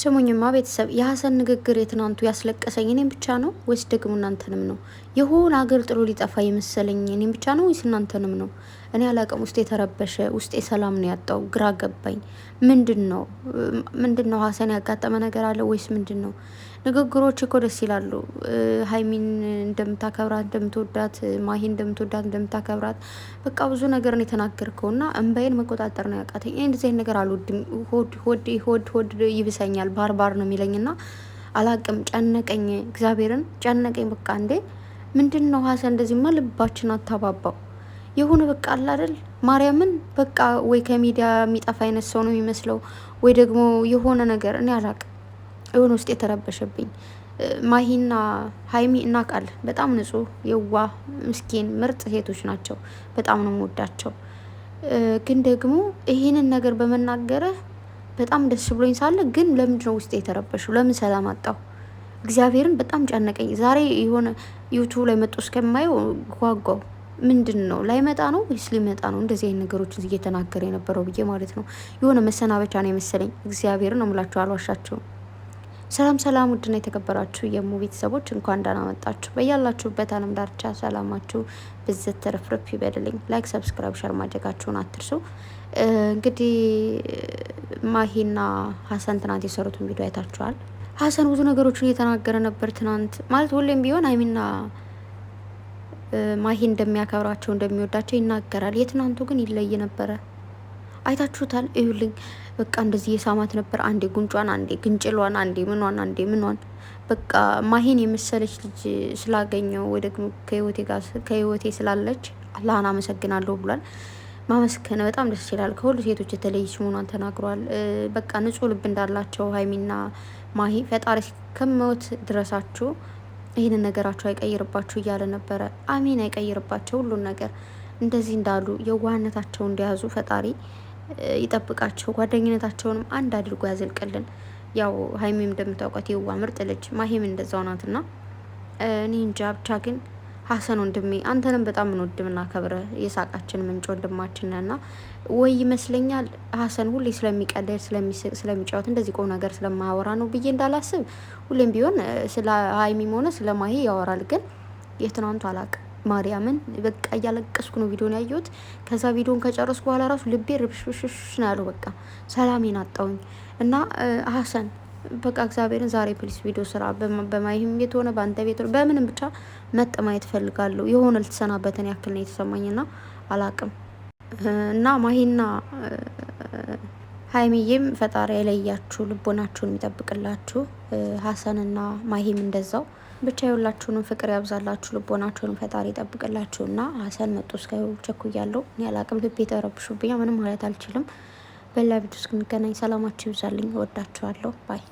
ስሙኝማ ቤተሰብ የሀሰን ንግግር የትናንቱ ያስለቀሰኝ እኔም ብቻ ነው ወይስ ደግሞ እናንተንም ነው? የሆነ አገር ጥሎ ሊጠፋ የመሰለኝ እኔም ብቻ ነው ወይስ እናንተንም ነው? እኔ አላቅም። ውስጤ የተረበሸ ውስጤ ሰላም ነው ያጣው። ግራ ገባኝ። ምንድን ነው ምንድን ነው ሀሰን ያጋጠመ ነገር አለ ወይስ ምንድን ነው? ንግግሮች እኮ ደስ ይላሉ። ሀይሚን እንደምታከብራት እንደምትወዳት፣ ማሂን እንደምትወዳት እንደምታከብራት፣ በቃ ብዙ ነገር ነው የተናገርከው እና እንባዬን መቆጣጠር ነው ያቃተኝ። እንደዚህ አይነት ነገር አልወድም። ሆድ ሆድ ሆድ ይብሰኛል፣ ባርባር ነው የሚለኝ እና አላቅም። ጨነቀኝ፣ እግዚአብሔርን ጨነቀኝ። በቃ እንዴ ምንድን ነው ሀሰን እንደዚህማ ልባችን አታባባው የሆነ በቃ አለ አይደል ማርያምን በቃ ወይ ከሚዲያ የሚጠፋ አይነት ሰው ነው የሚመስለው፣ ወይ ደግሞ የሆነ ነገር እኔ አላቅም። የሆነ ውስጥ የተረበሸብኝ ማሂና ሀይሚ እናውቃለን። በጣም ንጹህ የዋ ምስኪን ምርጥ ሴቶች ናቸው። በጣም ነው የምወዳቸው። ግን ደግሞ ይህንን ነገር በመናገርህ በጣም ደስ ብሎኝ ሳለ ግን ለምንድነው ነው ውስጥ የተረበሹ? ለምን ሰላም አጣሁ? እግዚአብሔርን በጣም ጨነቀኝ። ዛሬ የሆነ ዩቱብ ላይ መጡ እስከማየው ጓጓው። ምንድን ነው ላይመጣ ነው ወይስ ሊመጣ ነው? እንደዚህ አይነት ነገሮችን እየተናገረ የነበረው ብዬ ማለት ነው። የሆነ መሰናበቻ ነው የመሰለኝ። እግዚአብሔርን ነው የምላቸው፣ አልዋሻቸውም። ሰላም ሰላም፣ ውድና የተከበራችሁ የሙ ቤተሰቦች እንኳን ደህና መጣችሁ። በያላችሁበት አለም ዳርቻ ሰላማችሁ ብዝት ትርፍርፍ ይበልልኝ። ላይክ፣ ሰብስክራይብ፣ ሸር ማድረጋችሁን አትርሱ። እንግዲህ ማሂና ሀሰን ትናንት የሰሩትን ቪዲዮ አይታችኋል። ሀሰን ብዙ ነገሮችን እየተናገረ ነበር ትናንት። ማለት ሁሌም ቢሆን አይሚና ማሂ እንደሚያከብራቸው እንደሚወዳቸው ይናገራል። የትናንቱ ግን ይለይ ነበረ። አይታችሁታል። እዩልኝ በቃ እንደዚህ የሳማት ነበር። አንዴ ጉንጯን፣ አንዴ ግንጭሏን፣ አንዴ ምኗን፣ አንዴ ምኗን በቃ ማሄን የመሰለች ልጅ ስላገኘው ወይ ደግሞ ከህይወቴ ጋር ከህይወቴ ስላለች አላህን አመሰግናለሁ ብሏል። ማመስከነ በጣም ደስ ይላል። ከሁሉ ሴቶች የተለየች መሆኗን ተናግሯል። በቃ ንጹህ ልብ እንዳላቸው ሀይሚና ማሄ ፈጣሪ ከመውት ድረሳችሁ ይህንን ነገራቸው አይቀይርባችሁ እያለ ነበረ። አሜን አይቀይርባቸው ሁሉን ነገር እንደዚህ እንዳሉ የዋህነታቸው እንደያዙ ፈጣሪ ይጠብቃቸው፣ ጓደኝነታቸውንም አንድ አድርጎ ያዘልቅልን። ያው ሀይሚም እንደምታውቋት የዋ ምርጥ ልጅ ማሄም እንደዛው ናትና፣ እኔ እንጃ ብቻ ግን ሀሰን ወንድሜ አንተንም በጣም እንወድምና ከብረ የሳቃችን ምንጭ ወንድማችን ነና ወይ ይመስለኛል ሀሰን ሁሌ ስለሚቀልድ ስለሚጫወት እንደዚህ ቆም ነገር ስለማያወራ ነው ብዬ እንዳላስብ ሁሌም ቢሆን ስለ ሀይሚም ሆነ ስለ ማሄ ያወራል። ግን የትናንቱ አላቅ ማርያምን በቃ እያለቀስኩ ነው ቪዲዮን ያየሁት። ከዛ ቪዲዮን ከጨረስኩ በኋላ ራሱ ልቤ ርብሽብሽሽ ነው ያለው። በቃ ሰላሜን አጣውኝ እና ሀሰን በቃ እግዚአብሔርን ዛሬ ፕሊስ ቪዲዮ ስራ በማይህም ቤት ሆነ በአንተ ቤት ሆነ በምንም ብቻ መጠማየት ማየት ፈልጋለሁ። የሆነ ልትሰናበትን ያክል ነው የተሰማኝና አላቅም እና ማሂና ሀይሚዬም ፈጣሪ ያለያችሁ ልቦናችሁን የሚጠብቅላችሁ ሀሰንና ማሂም እንደዛው ብቻ የሁላችሁንም ፍቅር ያብዛላችሁ፣ ልቦናችሁንም ፈጣሪ ይጠብቅላችሁ። እና ሀሰን መጡ እስከ ቸኩ እያለው እኔ አላቅም፣ ልቤ ተረብሹብኛ፣ ምንም ማለት አልችልም። በላ ቪዲዮ እስክንገናኝ ሰላማችሁ ይብዛልኝ። ወዳችኋለሁ። ባይ